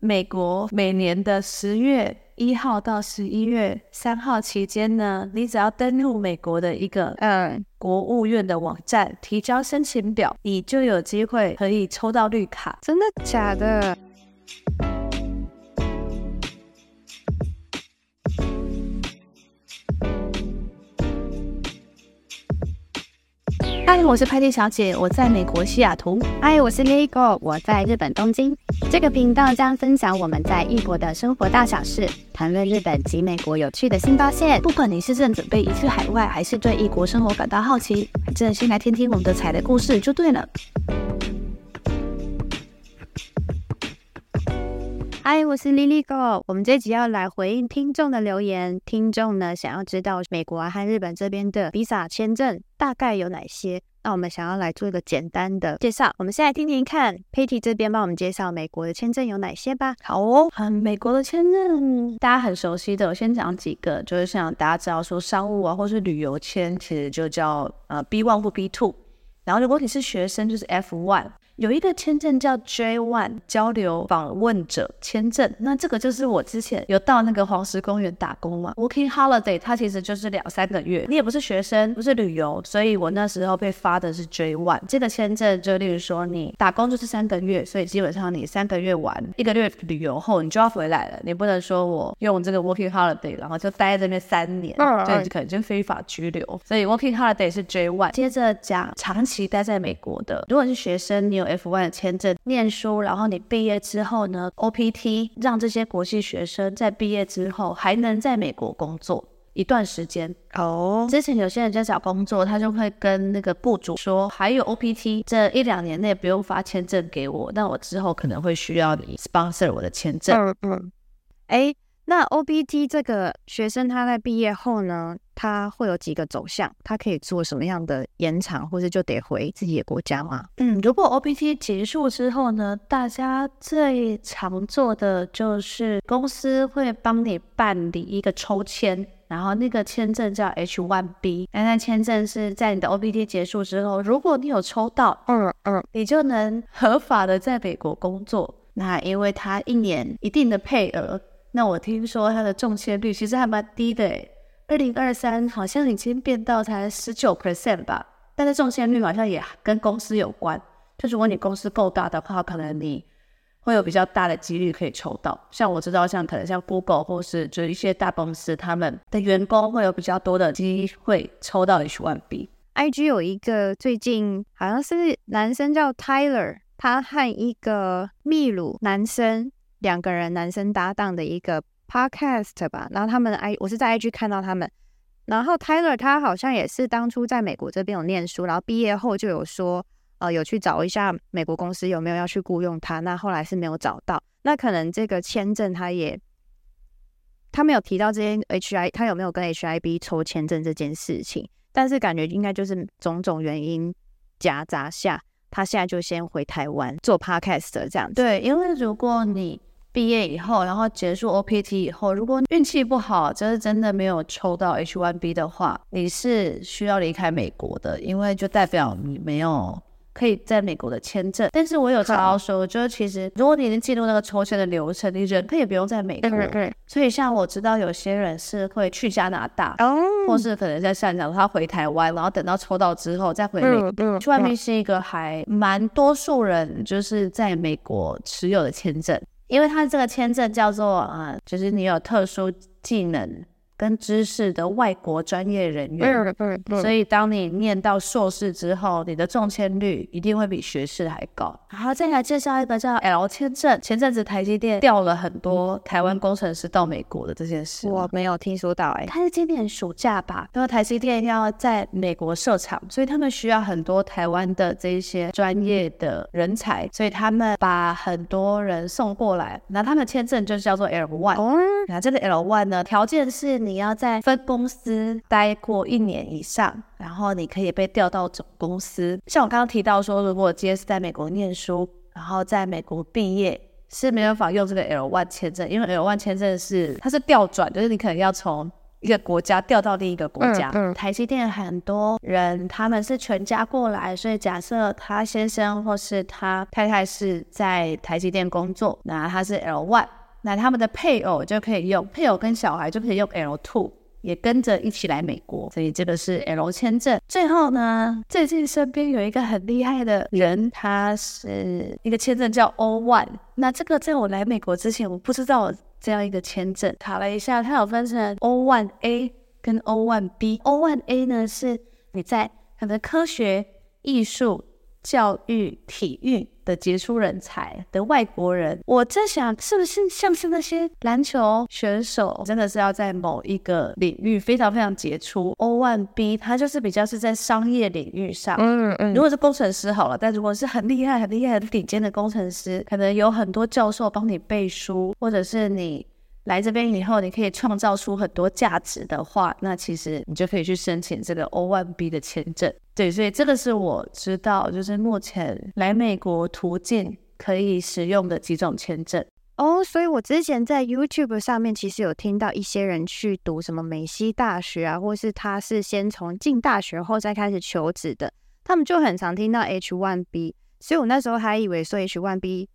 美國每年的十月一號到十一月三號期間呢，你只要登錄美國的一個呃國務院的網站，提交申請表，你就有機會可以抽到綠卡。真的假的？嗨，我是派蒂小姐，我在美國西雅圖。嗨，我是 Lego，我在日本東京。這個頻道將分享我們在異國的生活大小事，談論日本及美國有趣的新發現。不管你是正準備移去海外，還是對異國生活感到好奇，正先來聽聽我們的踩雷故事就對了。嗨，我是 Lily go，我們這集要來回應聽眾的留言。聽眾呢，想要知道美國和日本這邊的 Visa 簽證大概有哪些？那我們想要來做一個簡單的介紹，我們先來聽聽看，Patty 這邊幫我們介紹美國的簽證有哪些吧。好哦，嗯，美國的簽證大家很熟悉的，我先講幾個，就是像大家知道說商務啊，或是旅遊簽，其實就叫呃 B1 或 B2，然後如果你是學生，就是 F1。有一個簽證叫 J-1 交流訪問者簽證，那這個就是我之前有到那個黃石公園打工嘛。Working holiday 它其實就是兩三個月，你也不是學生，不是旅遊，所以我那時候被發的是 J-1 這個簽證。就例如說你打工就是三個月，所以基本上你三個月完，一個月旅遊後你就要回來了，你不能說我用這個 Working holiday 然後就待在這邊三年，對、啊、可能就非法居留。所以 Working holiday 是 J-1。接着講長期待在美國的，如果你是學生，你有。F one 簽證念書，然後你畢業之後呢？OPT 讓這些國際學生在畢業之後還能在美國工作一段時間。哦、oh.，之前有些人在找工作，他就會跟那個雇主說，還有 OPT 這一兩年內不用發簽證給我，但我之後可能會需要你 sponsor 我的簽證。嗯嗯，哎，那 OPT 這個學生他在畢業後呢？它會有幾個走向？它可以做什麼樣的延長，或者就得回自己的國家嗎？嗯，如果 O P T 結束之後呢？大家最常做的就是公司會幫你辦理一個抽籤，然後那個簽證叫 H 1 B。那那簽證是在你的 O P T 結束之後，如果你有抽到，22，嗯嗯，你就能合法的在美國工作。那因為它一年一定的配額，那我聽說它的中籤率其實還蠻低的誒。二零二三好像已經變到才十九 percent 吧，但是中簽率好像也跟公司有關，就是如果你公司夠大的話，可能你會有比較大的幾率可以抽到。像我知道，像可能像 Google 或是就一些大公司，他們的員工會有比較多的機會抽到 H-1B。IG 有一個最近好像是男生叫 Tyler，他和一個秘魯男生兩個人男生搭檔的一個。Podcast 吧，然後他們 I 我是在 IG 看到他們，然後 Tyler 他好像也是當初在美國這邊有唸書，然後畢業後就有說，呃，有去找一下美國公司有沒有要去雇傭他。那後來是沒有找到，那可能這個簽證他也他沒有提到這些 H I，他有沒有跟 H-1B 抽簽證這件事情，但是感覺應該就是種種原因夾雜下，他現在就先回台灣做 Podcast 這樣子。對，因為如果你畢業以後，然後結束 OPT 以後，如果運氣不好，就是真的沒有抽到 H1B 的話，你是需要離開美國的，因為就代表你沒有可以在美國的簽證。但是我有查到說，我覺得其實如果你已經進入那個抽籤的流程，你人可以不用在美國。嗯嗯嗯。所以像我知道有些人是會去加拿大，或是可能是在像講他回台灣，然後等到抽到之後再回美國。嗯嗯嗯。H1B 是一個還蠻多數人就是在美國持有的簽證。因為他這個簽證叫做呃，就是你有特殊技能跟知識的外國專業人員，所以當你念到碩士之後，你的中簽率一定會比學士還高。好，再來介紹一個叫 L 簽證。前陣子台積電調了很多台灣工程師到美國的這件事，我沒有聽說到哎。他是今年暑假吧？那台積電一定要在美國設廠，所以他們需要很多台灣的這一些專業的人才，所以他們把很多人送過來。那他們的簽證就是叫做 L one。那這個 L one 呢，條件是你。你要在分公司待過一年以上，然後，你可以被調到總公司。像我剛剛提到說，如果今天是在美國念書，然後在美國畢業，是沒有法用這個 L1 簽證，因為 L1 簽證是它是調轉，就是你可能要從一個國家調到另一個國家。嗯，嗯台積電很多人他們是全家過來，所以假設他先生或是他太太是在台積電工作，然後他是 L1。那他們的配偶就可以用，配偶跟小孩就可以用 L two，也跟着一起來美國，所以這個是 L 簽證。最後呢，最近身邊有一個很厲害的人，他是一個簽證叫 O one。那這個在我來美國之前，我不知道有這樣一個簽證，查了一下，它有分成 O one A 跟 O one B。O one A 呢是你在可能科學、藝術。教育、體育的傑出人才的外國人，我在想，是不是像是那些籃球選手，真的是要在某一個領域非常非常傑出。O-1B，他就是比較是在商業領域上。嗯嗯，如果是工程師好了，但如果是很厲害、很厲害、很頂尖的工程師，可能有很多教授幫你背書，或者是你。來這邊以後，你可以創造出很多價值的話，那其實你就可以去申請這個 O1B 的簽證。對，所以這個是我知道，就是目前來美國途徑可以使用的幾種簽證。哦，所以我之前在 YouTube 上面其實有聽到一些人去讀什麼梅西大學啊，或是他是先從進大學後再開始求職的，他們就很常聽到 H1B，所以我那時候還以為說 H1B。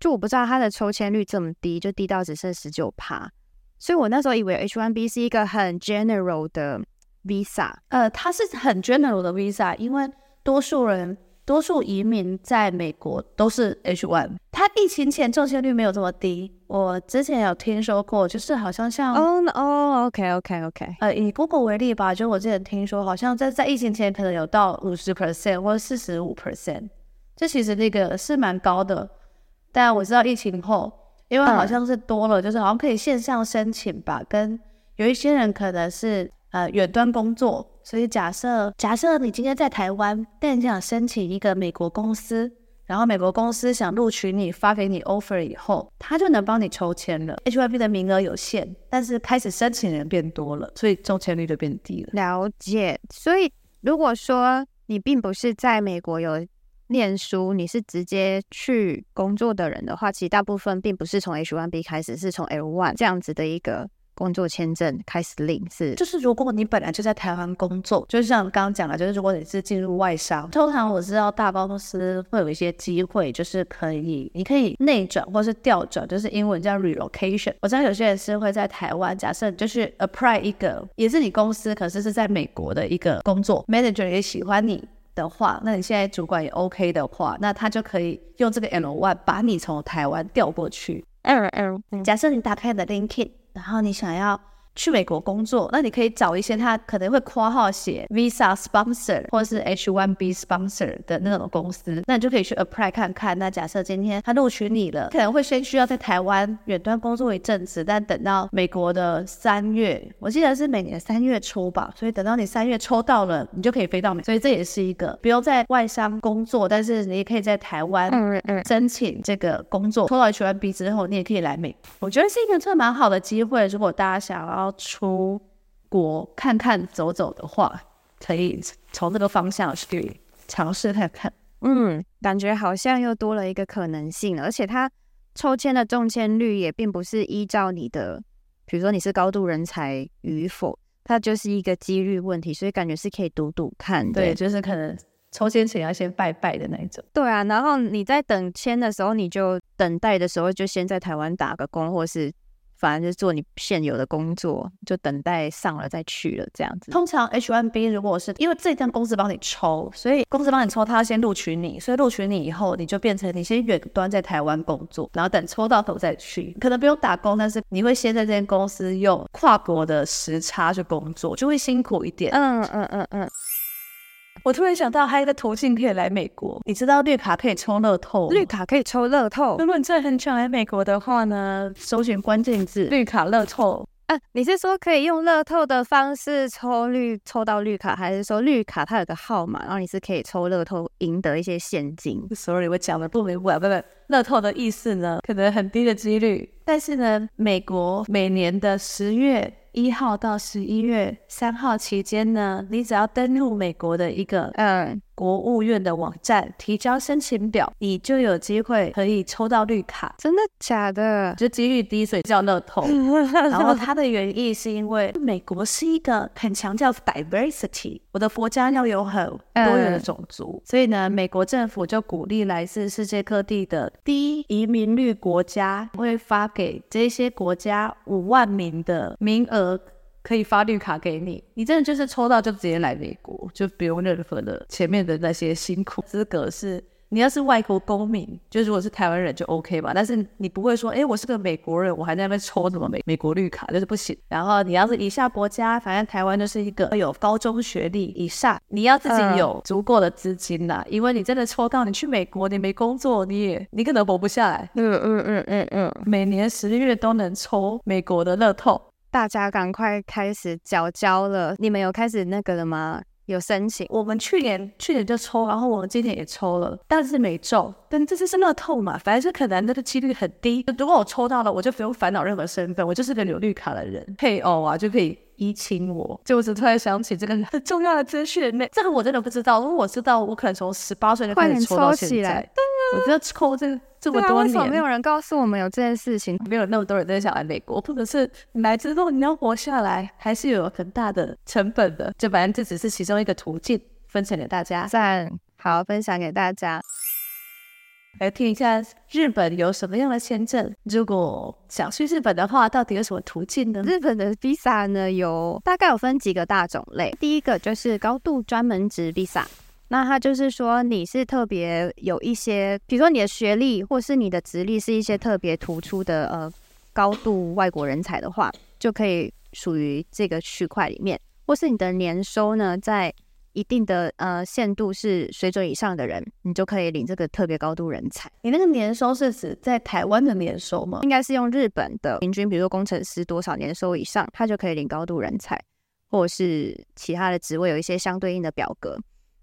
就我不知道它的抽籤率這麼低，就低到只剩十九趴。所以我那時候以為 H-1B 是一個很 general 的 visa，呃，它是很 general 的 visa，因為多數人、多數移民在美國都是 H-1。它疫情前中籤率沒有這麼低。我之前有聽說過，就是好像像嗯，哦、oh, no, oh,，OK OK OK，呃，以 Google 為例吧，就我之前聽說，好像在在疫情前可能有到五十 percent 或者四十五 percent，這其實那個是蠻高的。但我知道疫情後，因為好像是多了，嗯，就是好像可以線上申請吧。跟有一些人可能是呃遠端工作，所以假設假設你今天在台灣，但你想申請一個美國公司，然後美國公司想錄取你，發給你 offer 以後，他就能幫你抽籤了。H-1B 的名額有限，但是開始申請人變多了，所以中籤率就變低了。了解。所以如果說你並不是在美國有。念書，你是直接去工作的人的話，其實大部分並不是從 H1B 開始，是從 L1 這樣子的一個工作簽證開始領。是，就是如果你本來就在台灣工作，就像剛剛講的，就是如果你是進入外商，通常我知道大公司會有一些機會，就是可以你可以內轉或是調轉，就是英文叫 relocation。我知道有些人是會在台灣，假設就是 apply 一個也是你公司，可是是在美國的一個工作 manager 也喜歡你。的話，那你現在主管也 OK 的話，那他就可以用這個 L-1 把你從台灣調過去。L L，假設你打開你的 LinkedIn，然後你想要。去美國工作，那你可以找一些他可能會括號寫 visa sponsor 或是 H-1B sponsor 的那種公司，那你就可以去 apply 看看。那假設今天他錄取你了，可能會先需要在台灣遠端工作一陣子，但等到美國的三月，我記得是每年三月初吧，所以等到你三月抽到了，你就可以飛到美。所以這也是一個不用在外商工作，但是你也可以在台灣嗯嗯申請這個工作，抽到 H-1B 之後，你也可以來美。我覺得是一個真的蠻好的機會，如果大家想要。出國看看走走的話，可以從這個方向去嘗試看看。嗯，感覺好像又多了一個可能性，而且他抽籤的中籤率也並不是依照你的，比如說你是高度人才與否，它就是一個幾率問題，所以感覺是可以讀讀看。對，就是可能抽籤前要先拜拜的那一種。對啊，然後你在等簽的時候，你就等待的時候，就先在台灣打個工，或是。反正就是做你現有的工作，就等待上了再去了這樣子。通常 H1B 如果是因為這間公司幫你抽，所以公司幫你抽，他先錄取你，所以錄取你以後，你就變成你先遠端在台灣工作，然後等抽到頭再去，可能不用打工，但是你會先在這間公司用跨國的時差去工作，就會辛苦一點。嗯嗯嗯嗯。嗯我突然想到，還有一個途徑可以來美國。你知道綠卡可以抽樂透，綠卡可以抽樂透。如果你真的很想來美國的話呢，搜尋關鍵字“綠卡樂透”。啊，你是說可以用樂透的方式抽綠，抽到綠卡，還是說綠卡它有個號碼，然後你是可以抽樂透贏得一些現金？Sorry，我講的不明白，不不，樂透的意思呢，可能很低的幾率，但是呢，美國每年的十月。一號到十一月三號期間呢，你只要登錄美國的一個，嗯。國務院的網站提交申請表，你就有機會可以抽到綠卡。真的假的？就幾率低，所以叫樂透。然後它的原意是因為美國是一個很強調 diversity，我的國家要有很多元的種族。嗯、所以呢，美國政府就鼓勵來自世界各地的低移民率國家，會發給這些國家五萬名的名額。可以發綠卡給你，你真的就是抽到就直接來美國，就不用任何的前面的那些辛苦。資格是你要是外國公民，就如果是台灣人就 OK 吧。但是你不會說，哎，我是個美國人，我還在那邊抽什麼美美國綠卡，就是不行。然後你要是以下國家，反正台灣就是一個有高中學歷以上，你要自己有足夠的資金吶，因為你真的抽到你去美國，你沒工作，你也你可能活不下來。嗯嗯嗯嗯嗯，每年十月都能抽美國的樂透。大家趕快開始繳交了！你們有開始那個了嗎？有申請？我們去年去年就抽，然後我們今年也抽了，但是沒中。但這次是樂透嘛，反正就可能那個幾率很低。如果我抽到了，我就不用煩惱任何身份，我就是個有綠卡的人，配偶啊就可以移情我。就我只突然想起這個很重要的資訊，那這個我真的不知道。如果我知道，我可能從十八歲就開始抽到現在。我知道，抽 這、啊、這麼多年，為什麼沒有人告訴我們有這件事情？沒有那麼多人真的想來美國，或者是你來之後你要活下來，還是有很大的成本的。就反正這只是其中一個途徑，分享給大家。讚，好，好，分享給大家。來聽一下日本有什麼樣的簽證？如果想去日本的話，到底有什麼途徑呢？日本的 visa 呢，有大概有分幾個大種類。第一個就是高度專門職 visa。那他就是說，你是特別有一些，比如說你的學歷或是你的職歷是一些特別突出的，呃，高度外國人才的話，就可以屬於這個區塊裡面；或是你的年收呢，在一定的呃限度是水準以上的人，你就可以領這個特別高度人才。你那個年收是指在台灣的年收嗎？應該是用日本的平均，比如說工程師多少年收以上，他就可以領高度人才，或是其他的職位有一些相對應的表格。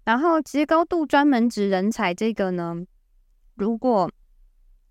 然後，其實高度專門職人才這個呢，如果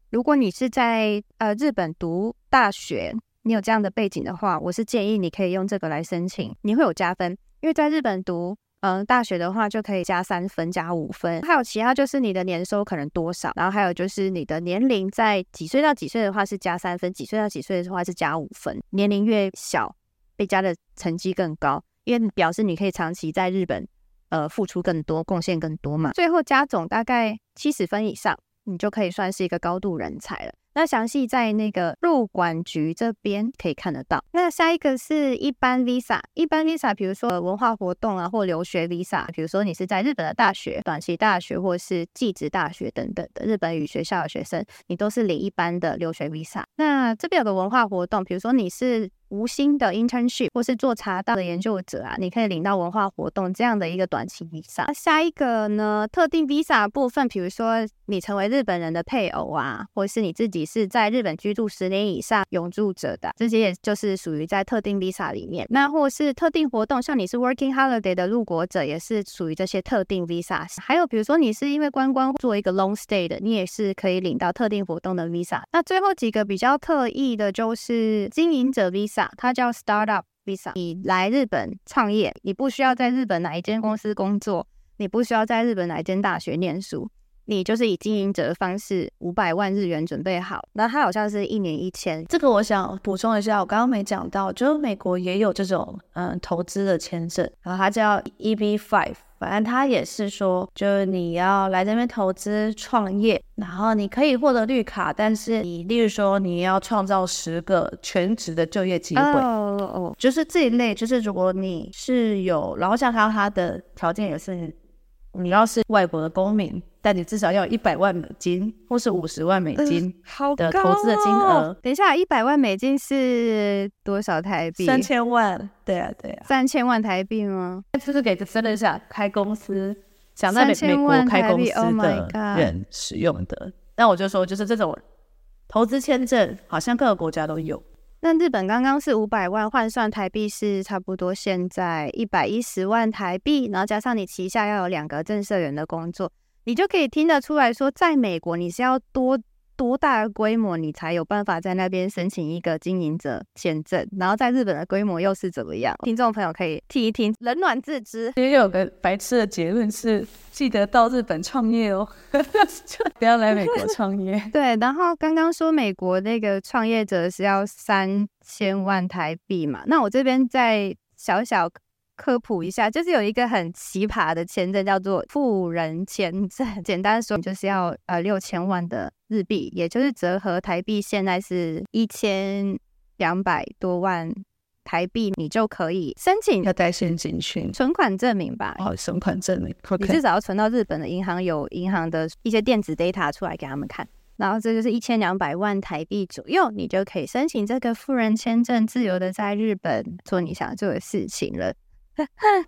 如果你是在呃日本讀大學，你有這樣的背景的話，我是建議你可以用這個來申請，你會有加分，因為在日本讀嗯、呃、大學的話，就可以加三分、加五分，還有其他就是你的年收可能多少，然後還有就是你的年齡在幾歲到幾歲的話是加三分，幾歲到幾歲的話是加五分，年齡越小被加的成績更高，因為表示你可以長期在日本。呃，付出更多，貢獻更多嘛。最後加總大概七十分以上，你就可以算是一個高度人才了。那詳細在那個入管局這邊可以看得到。那下一個是一般 visa，一般 visa，比如說文化活動啊，或留學 visa，比如說你是在日本的大學、短期大學或是技職大學等等的日本語學校的學生，你都是領一般的留學 visa。那這邊有個文化活動，比如說你是，無薪的 internship 或是做茶道的研究者啊，你可以領到文化活動這樣的一個短期 visa。那下一個呢？特定 visa 部分，比如說你成為日本人的配偶啊，或者是你自己是在日本居住十年以上永住者的，這些也就是屬於在特定 visa 裡面。那或是特定活動，像你是 working holiday 的入國者，也是屬於這些特定 visas。還有比如說你是因為觀光做一個 long stay 的，你也是可以領到特定活動的 visa。那最後幾個比較特異的，就是經營者 visa。它叫 Startup Visa，你來日本創業，你不需要在日本哪一間公司工作，你不需要在日本哪一間大學念書，你就是以經營者的方式五百萬日元準備好。那它好像是一年一簽，這個我想補充一下，我剛剛沒講到，就是美國也有這種嗯投資的簽證，然後它叫 EB Five。反正他也是說，就是你要來這邊投資創業，然後你可以獲得綠卡，但是你例如說你要創造十個全職的就業機會，oh, oh, oh, oh. 就是這一類，就是如果你是有，然後像他他的條件也是。你要是外國的公民，但你至少要有一百萬美金，或是五十萬美金的投資的金額，呃，好高哦。等一下，一百萬美金是多少台幣？三千萬。對啊，對啊，三千萬台幣嗎？就是給這分了一下開公司，想在美美國開公司的人使用的，oh。那我就說，就是這種投資簽證，好像各個國家都有。但日本剛剛是五百萬，換算台幣是差不多現在一百一十萬台幣，然後加上你旗下要有兩個正社員的工作，你就可以聽得出來說，在美國你是要多。多大的規模你才有辦法在那邊申請一個經營者簽證？然後在日本的規模又是怎麼樣？聽眾朋友可以聽一聽，冷暖自知。其實有個白痴的結論是，記得到日本創業哦， 不要來美國創業。 對，然後剛剛說美國那個創業者是要三千萬台幣嘛？那我這邊再小小。科普一下，就是有一個很奇葩的簽證叫做富人簽證。簡單說，你就是要呃六千萬的日幣，也就是折合台幣現在是一千兩百多萬台幣，你就可以申請。要帶現金去存款證明吧？哦，存款證明。Okay. 你至少要存到日本的銀行，有銀行的一些電子 data 出來給他們看。然後這就是一千兩百萬台幣左右，你就可以申請這個富人簽證，自由的在日本做你想做的事情了。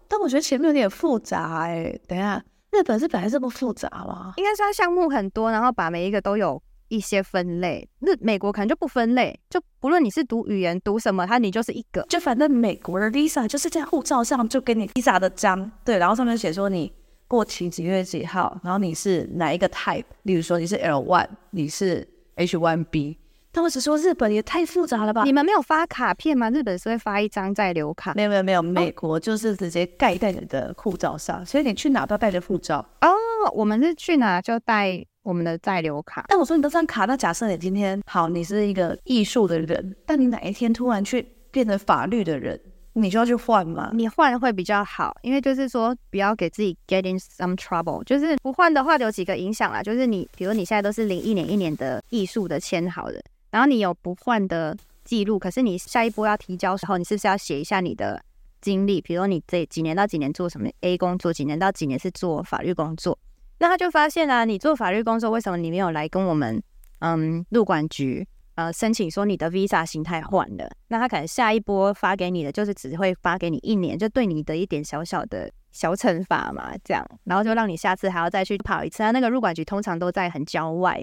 但我覺得前面有點複雜哎，欸，等一下，日本是本來這麼複雜嗎？應該說項目很多，然後把每一個都有一些分類。那美國可能就不分類，就不論你是讀語言讀什麼，它你就是一個。就反正美國的 visa 就是在護照上就給你 visa 的章，對，然後上面寫說你過期幾月幾號，然後你是哪一個 type，例如說你是 L one，你是 H one B。他們只說日本也太複雜了吧？你們沒有發卡片嗎？日本是會發一張在留卡。沒有沒有沒有，哦、美國就是直接蓋在你的護照上，所以你去哪都要帶着護照。哦，我們是去哪兒就帶我們的在留卡。但我說你這張卡，那假設你今天好，你是一個藝術的人，但你哪一天突然去變成法律的人，你就要去換嗎？你換會比較好，因為就是說不要給自己 get in some trouble。就是不換的話，有幾個影響啦，就是你比如你現在都是零一年一年的藝術的簽好的。然後你有不換的記錄，可是你下一波要提交的時候，你是不是要寫一下你的經歷？比如說你這幾年到幾年做什麼 A 工作，做幾年到幾年是做法律工作。那他就發現啊，你做法律工作，為什麼你沒有來跟我們嗯入管局呃申請說你的 Visa 形態換了？那他可能下一波發給你的就是只會發給你一年，就對你的一點小小的小懲罰嘛，這樣，然後就讓你下次還要再去跑一次。那、啊、那個入管局通常都在很郊外。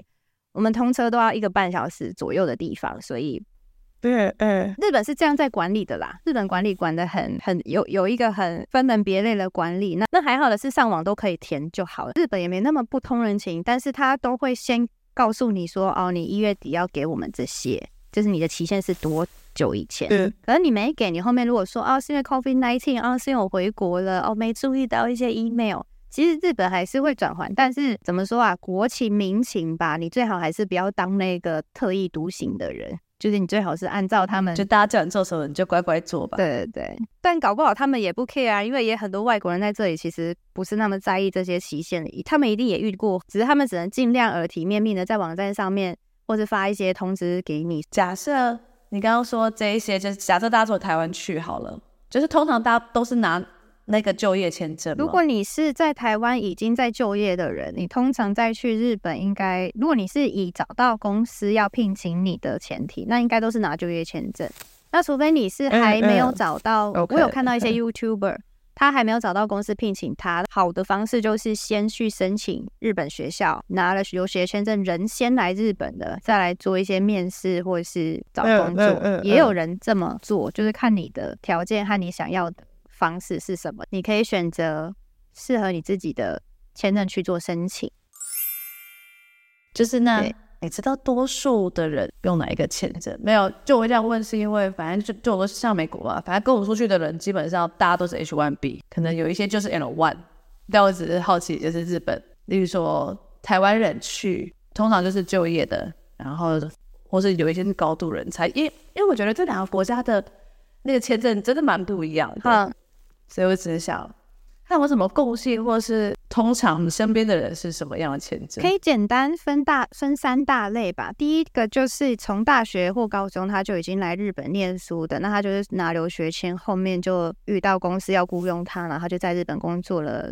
我們通車都要一個半小時左右的地方，所以，對，嗯，日本是這樣在管理的啦。日本管理管得很很有有一個很分門別類的管理。那那還好的是上網都可以填就好了。日本也沒那麼不通人情，但是他都會先告訴你說，哦，你一月底要給我們這些，就是你的期限是多久以前？嗯，可是你沒給你後面如果說啊、哦、是因為 COVID-19 啊、哦、是因為我回國了哦沒注意到一些 email。其實日本還是會轉換，但是怎麼說啊？國情民情吧，你最好還是不要當那個特立獨行的人，就是你最好是按照他們，就大家叫你做什麼你就乖乖做吧。對對對，但搞不好他們也不 care 啊，因為也很多外國人在這裡其實不是那麼在意這些期限，他們一定也遇過，只是他們只能盡量耳提面命的在網站上面或者發一些通知給你。假設你剛剛說這一些，就是、假設大家走台灣去好了，就是通常大家都是拿。那個就業簽證。如果你是在台灣已經在就業的人，你通常在去日本應，應該，如果你是已找到公司要聘請你的前提，那應該都是拿就業簽證。那除非你是還沒有找到，嗯嗯、我有看到一些 YouTuber，、嗯、他還沒有找到公司聘請他。好的方式就是先去申請日本學校，拿了留學簽證，人先來日本的，再來做一些面試或者是找工作，嗯嗯嗯。也有人這麼做，就是看你的條件和你想要的。方式是什麼？你可以選擇適合你自己的簽證去做申請。就是那你知道多數的人用哪一個簽證？沒有，就我會這樣問是因為反正就就我說像美國嘛，反正跟我出去的人基本上大家都是 H-1B，可能有一些就是 L-1。但我只是好奇，就是日本，例如說台灣人去，通常就是就業的，然後或是有一些是高度人才。因為因為我覺得這兩個國家的那個簽證真的蠻不一樣的。嗯。所以我只能想，那有什麼共性，或是通常我們身邊的人是什麼樣的簽證？可以簡單分大分三大類吧。第一個就是從大學或高中他就已經來日本念書的，那他就是拿留學簽，後面就遇到公司要雇傭他，然後他就在日本工作了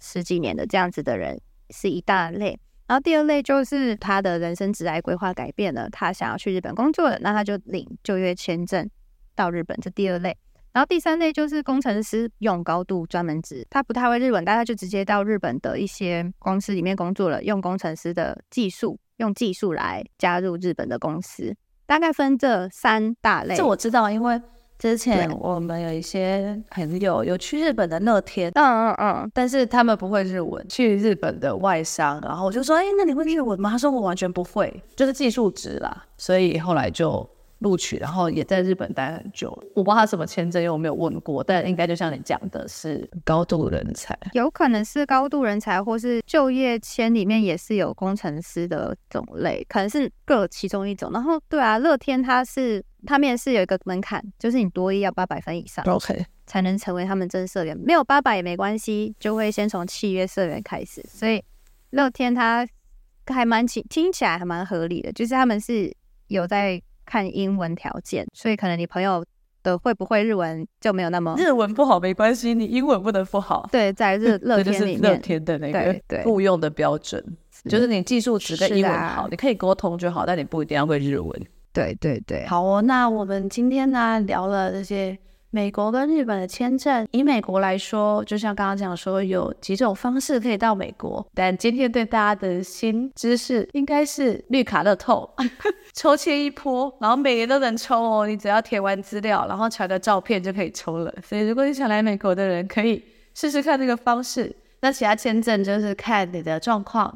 十幾年的這樣子的人，是一大類。然後第二類就是他的人生職業規劃改變了，他想要去日本工作了，那他就領就業簽證到日本，這第二類。然後第三類就是工程師用高度專門職，他不太會日文，但他就直接到日本的一些公司裡面工作了，用工程師的技術，用技術來加入日本的公司，大概分這三大類。這我知道，因為之前我們有一些朋友有去日本的樂天，嗯嗯嗯，但是他們不會日文，去日本的外商，然後我就說，哎，那你會日文嗎？他說我完全不會，就是技術職啦，所以後來就。錄取，然後也在日本待很久。我不知道他什麼簽證，因為我沒有問過，但應該就像你講的，是高度人才，有可能是高度人才，或是就業簽裡面也是有工程師的種類，可能是各其中一種。然後，對啊，樂天他是他面試有一個門檻，就是你多益要八百分以上，OK，才能成為他們正式社員。沒有八百也沒關係，就會先從契約社員開始。所以樂天他還蠻聽聽起來還蠻合理的，就是他們是有在。看英文條件，所以可能你朋友的會不會日文就沒有那麼。日文不好沒關係，你英文不能不好。對，在日樂、嗯、天里樂、就是、天的那個對雇用的標準，就是你技術只跟英文好，你可以溝通就好，但你不一定要會日文。對對對，好哦，那我們今天呢、啊、聊了這些。美國跟日本的簽證，以美國來說，就像剛剛講說，有幾種方式可以到美國。但今天對大家的新知識，應該是綠卡樂透， 抽籤一波，然後每年都能抽哦。你只要填完資料，然後傳的照片就可以抽了。所以如果你想來美國的人，可以試試看這個方式。那其他簽證就是看你的狀況。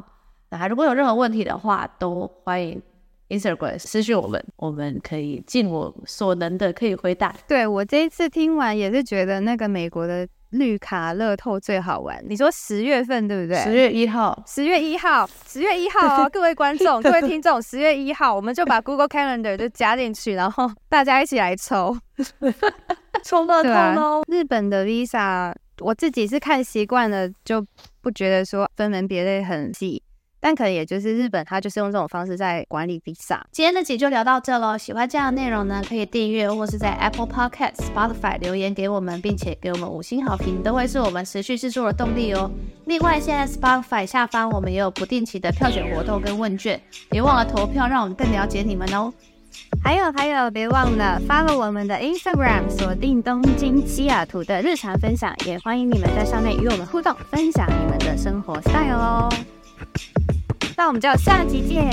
那如果有任何問題的話，都歡迎。Instagram 私信我們，我們可以盡我所能的可以回答。對，我這一次聽完也是覺得那個美國的綠卡樂透最好玩。你說十月份對不對？十月一號，十月一號，十月一號哦！ 各位觀眾，各位聽眾，十 月一號，我們就把 Google Calendar 就加進去，然後大家一起來抽， 抽樂透哦、啊，日本的 Visa，我自己是看習慣了，就不覺得說分門別類很細。但可能也就是日本，他就是用這種方式在管理 visa。今天的集就聊到這嘍。喜歡這樣的內容呢，可以訂閱，或是在 Apple Podcast、Spotify 留言給我們，並且給我們五星好評，都會是我們持續制作的動力哦。另外，現在 Spotify 下方我們也有不定期的票選活動跟問卷，別忘了投票，讓我們更了解你們哦。還有還有，別忘了 follow 我們的 Instagram，鎖定東京西雅圖的日常分享，也歡迎你們在上面與我們互動，分享你們的生活 style 哦。那我們就下期見，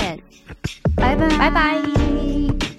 拜拜。拜拜。拜拜。